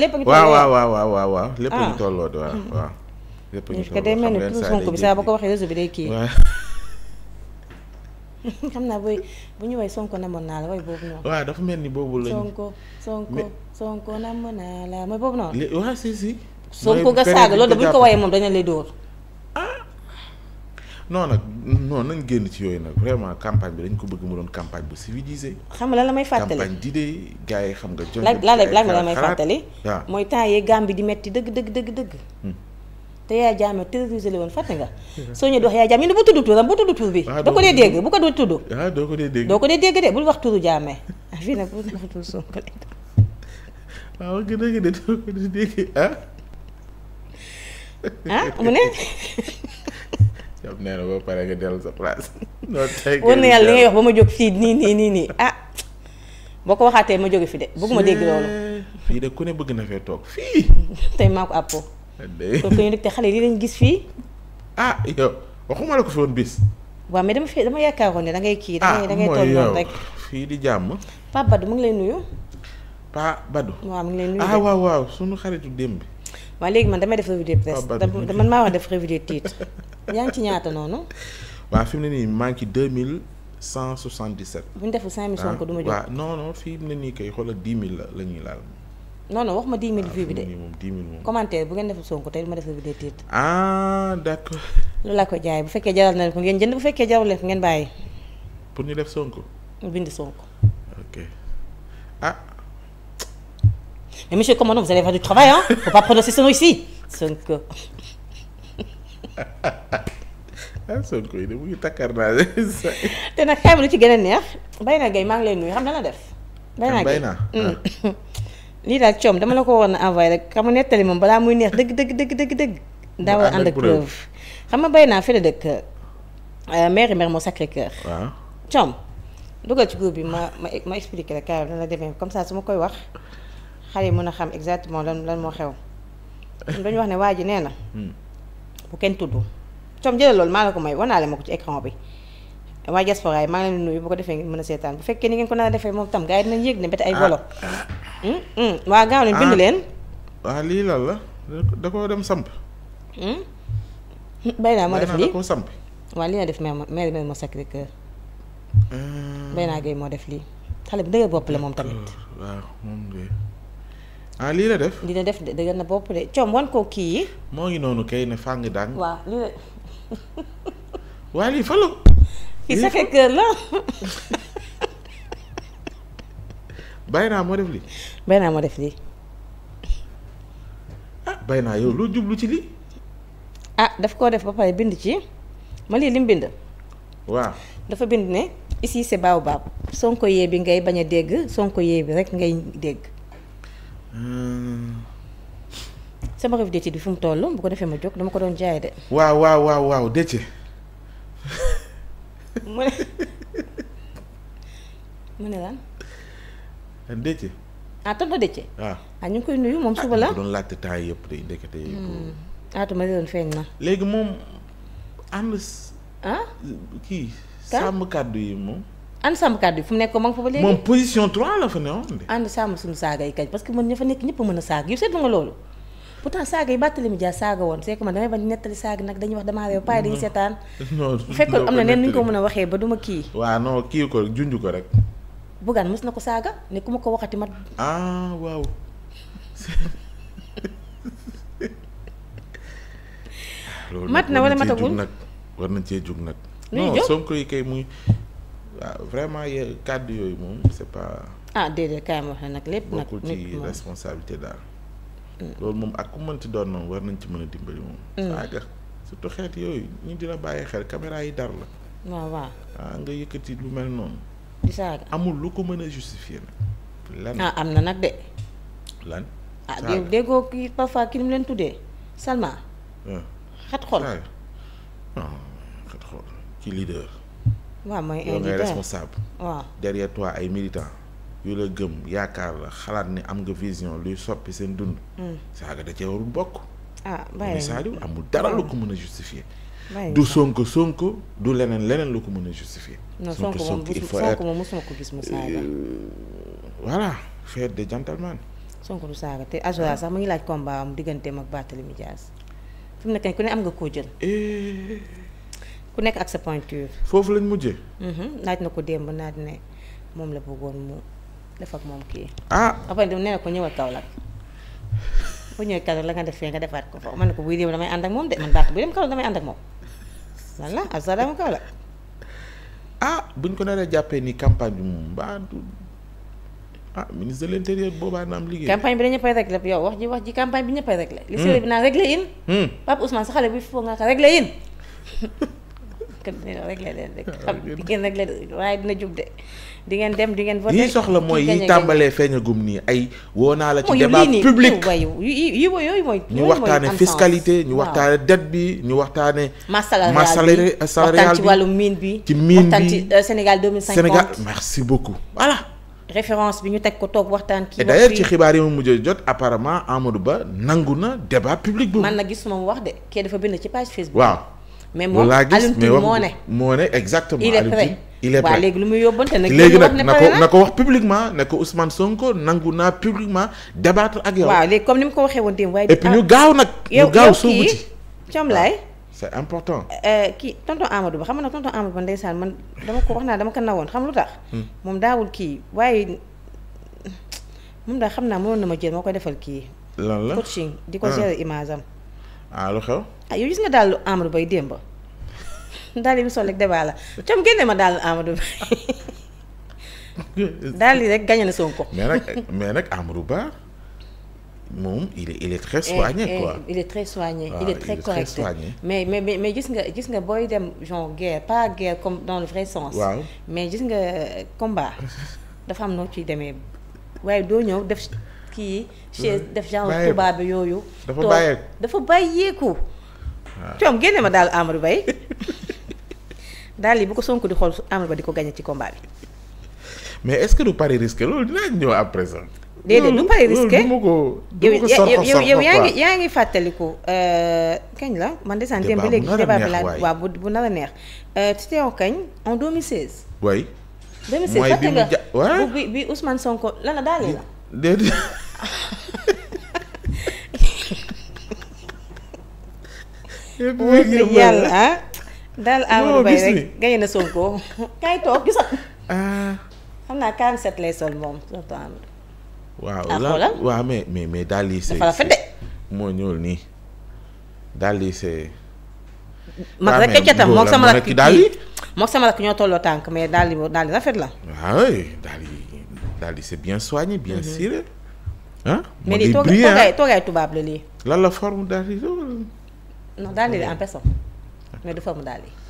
lépp ngi tolloo waaw waaw waaw waaw waaw lépp ngi ah. tolloo waaw hmm. waaw. lépp ngi tolloo day mel ni turu Sonko bi saa boo ko waxee réseau bi day kii. xam naa booy bu ñu woy Sonko naa la boobu noonu. waaw dafa mel ni boobu lañu. Sonko Sonko Sonko namoon naa la mooy boobu noonu. li si si. Sonko nga saaga loolu da bu ñu ko woyee moom dañu lay non nag non nañ génn ci yooyu nag vraiment campagne bi dañ ko bëgg ma doon campagne bu civilisée. xam nga lan la may fàttali campagne d'idées yi xam nga. joxe la la lan la may fàttali. mooy temps yee gàmm bi di metti dëgg dëgg dëgg dëgg. Hmm. te yaay jaame terrorisé la woon fàtte nga. soo ñëwee di wax yaay jaam ñu ne bu tudd turam bu tudd tur bi. waaw ah, ko dee dégg bu ko doo tudd. waaw ah, doo ko dee dégg doo ko dee dégg de bul wax turu jaame. ah fii nag bu nekk turu Sonko gën a gën a doo ko dee dégg ah. ah mu ne. yow nee na ba pare nga dellu sa place. loolu tey li ngay wax ba ma jóg fii nii nii nii nii ah boo ko waxaatee ma jóge fi de bëgg ma dégg loolu. fii de ku ne bëgg na fee toog fii. tey maa ko àppoo. kon ñu nag te xale yi lañ gis fii. ah yow waxuma la ko fi woon bis. waaw mais dama fi dama yàkkaaroon ne da ngay kii. da ngay da ngay ah, toog noonu rek fii di jàmm. Pape Badou mu ngi lay nuyu. Pape Badou. waaw mu ngi lay nuyu ah waaw waaw sunu xaritu démb. waaw léegi man damay def revue de presse ah, man maa war def revue de titre yaa ngi ci ñaata noonu waaw mille cent soixante dix bu ñu deful cinq mille Sonko ah, du ma jóg waaw non non fii mu ne nii kay xoolal dix mille la la laal non non wax ma dix mille ah, vues bi de commentaire bu ngeen deful Sonko tey du ma def revue de ah d'accord loolu laa ko jaay bu fekkee jaral na ko ngeen jënd bu fekkee jaral na ko ngeen bàyyi pour ñu def Sonko bind Sonko ok ah Mais monsieur le commandant, vous allez faire du travail, hein Faut pas yi de mu ngi takkar naa te nag xayma lu ci gën a neex Bayna Gaye maa ngi leen nuyu xam na la def. Bayna Gaye lii daal coom dama la ko woon a envoyé rek xam nettali moom balaa muy neex dëgg dëgg dëgg dëgg dëgg. daawal ànd ak xam nga bay naa la dëkk euh, mairie mère moo Sacré Cœur. waaw coom ci groupe bi ma ma ma expliqué la carrément dana demee comme ça su ma koy wax. xale yi mën a xam exactement lan lan moo xew dañu wax ne waa ji nee na hmm. bu kenn tudd tom jëlal loolu maa la ko may wanaale ma ko ci écran bi waa diaspora yi maa ngi leen nuyu bu defee ngeen mën a seetaan bu fekkee ni ngeen ko naa defee moom tam gars yi dinañ yëg ne bete ay golo ah, ah. Hmm, hmm. waa gaaw leen bind ah. leen waa lii lan la da ko dem samp bay naa moo def lii waaw lii na def mère mère mère moo Sacré Cœur naa Gueye moo def lii xale bi dëgër bopp la moom tamit ah lii la def lii la def dëggal na bopp de coom wan ko kii yi. moo ngi noonu kay ne fàng daan. waaw lii la. waa lii fa la. kii saxe kër la. bay moo def lii. bay naa moo def lii. ah bay yow loo jublu ci lii. ah daf koo def ba pare bind ci ma lii lim bind. waaw dafa bind ne ici c'est baobab Sonko yee bi ngay bañ a dégg Sonko yee bi rek ngay dégg. Euh. sama revue d'étude bi fu mu toll bu ko defee ma jóg dama ko doon jaay de. waaw waaw waaw waaw dëcc. mu ne mu ne lan. Euh, dëcc. ah tonton dëcc. waaw ah. ah ñu koy nuyu moom suba la ah, doon laajte temps yëpp day ndekete yëpp. Hmm. ah ma doon feeñ na. léegi moom ànd. ah kii. sàmm kàddu yi moom. ànd sàmm kàddu yi fu mu nekk ma nga fa ba léegi. moom position 3 la fa ne woon de. ànd sàmm suñu saaga yi kañ parce que man ña fa nekk ñëpp mën a saaga yow seetlu nga loolu pourtant saaga yi bàttali mi jaar saaga woon c'est ko a waxee ba du ma ko junj ko na ko saaga ne ma ko waxati mat. ah waaw. mat na wala matagul war na cee jug nag. non Sonko yi kay muy waaw vraiment y kàddu yooyu moom c'est pas. ah déedéet kaay ma wax nag lépp nag. bokkul ci responsabilité daal. Mm. loolu moom ak ku mënti doon noonu war nañ ci mën a dimbali moom. Mm. saaga surtout xeet yooyu ñu dina bàyyi xel caméra yi dar la. waaw waaw. Ah, nga yëkkati lu mel noonu. di saaga amul lu ko mën a justifier nag. ah am na nag de. lan. ah déggoo kii parfois ki mu leen tuddee Salma. Ah. xat xol ah, xat xol ci leader. waaw mooy yow ngay responsable waaw derrière ay militants yu la gëm yaakaar la xalaat ni am nga vision luy soppi seen dund mm. saaga da cee warul bokk ah bàyyi Saliou amul dara la ko mën a justifier du sonk sonk du leneen leneen lu ko mën a justifier Sonko Sonko il faut être moom mosuma ko gis mu saaga euh, voilà faire des du saaga te Azoura ah. sax mu ngi laaj combat am digganteem ak Barthélémy Dias fi mu nekk ku ne am nga koo jël eh. ku nekk ak sa pointure. foofu lañ mujjee. Mhm, naaj na ko démb naaj ne moom la bëggoon mu def ak moom kii. ah après nee na ko ñëwal Kaolack bu ñëwee Kaolack la nga def nga defaat ko foofu man ne ko buy dem damay ànd ak moom de man Barth buy dem Kaolack damay ànd ak moom walla ah buñ ko naree jàppee ni campagne bi moom baa du ah ministre de l' intérieur boobaa na am liggéey. campagne bi dañu koy réglé yow wax ji wax ji campagne bi ñëpp a réglé. li hmm. sëriñ bi naan réglé yin. Hmm. Pape Ousmane sa xale bi foo nga ko réglé yin. kër rek xam di ngeen réglé waaye dina jub de di ngeen dem di ngeen voté lii soxla mooy yi tàmbalee feeñagum nii ay woo naa la ci débat public wayu yi wa yooyu mooy ñu waxtaane fiscalité ñu waxtaane dette bi ñu waxtaane masse salariale bi ci wàllu mine bi ci mine bi ci euh, Sénégal 2050 Sénégal merci beaucoup voilà référence bi ñu teg ko toog waxtaan. kii et d'ailleurs ci xibaar yi ma mujjee jot apparemment Amadou Ba nangu na débat public boobu. man na gisuma mu wax de kii dafa bind ci page Facebook. waaw. mais moom Alioune Tine moo ne moo ne exactement. il est prêt il est prêt léegi lu muy yóbbante nag. léegi nag na ko na ko wax publiquement ne ko Ousmane Sonko nangu naa publiquement débattre ak yow. waaw léegi comme ni mu ko waxee woon démb waaye. et puis ñu ah, gaaw nag. ñu gaaw sóobu ci yow yow ah, c'est important. Euh, kii tonton Amadou Ba xam nga tonton Amadou Ba ndeysaan man dama ko wax naa dama ko nawoon xam lu tax. Hmm. moom daawul kii waaye moom daal xam naa mënoon na ma jël moo koy defal kii. lan di ko ah. ah yow gis nga daal Amadou Bay démb daal yi mu sol rek débat la cam génne ma daal Amadou mais mais nag Amadou Ba moom il est il est très soigné eh, eh, il est très ah, correct mais mais gis nga gis nga booy dem genre pas guerre comme dans le vrai sens. mais gis nga combat dafa am noo ciy demee waaye doo ñëw def kii. chaise def genre tubaab yooyu. dafa bàyyeeku. coom génne ma daal Amadou Bay daal yi bu ko sonk di xool su Amadou Ba di ko gagné ci combat bi. mais est-ce que du pari risqué loolu dinaa ñëw après ça. déedéet du pari risqué loolu ko yow yow yaa ngi yaa ngi fàttaliku. Euh, kañ la man de sànq. ba léegi débat bi laa waaw bu bu nar a neex. Euh, tu teew kañ en 2016. waay. 2016 fàtte nga bi bi Ousmane Sonko lan la daal la. déedéet. yëpp yëpp yàlla ah. daal Amadou Mbaye rek gaye na Sonko kay toog gisat. Ah. xam naa 47 lay sol moom surtout waaw ah, la waaw mais mais mais daal lii c'est dafa rafet de. moo ñuul nii daal lii c'est. mag rek ca tam moog sama rakk daal yi moog sama rakk ñoo tolloo tànk mais daal di daal di rafet la. waaw daal di daal di c'est bien soigné bien mhm. ciré. la lii. lan la forme non daal di en personne mais du fa mu daal di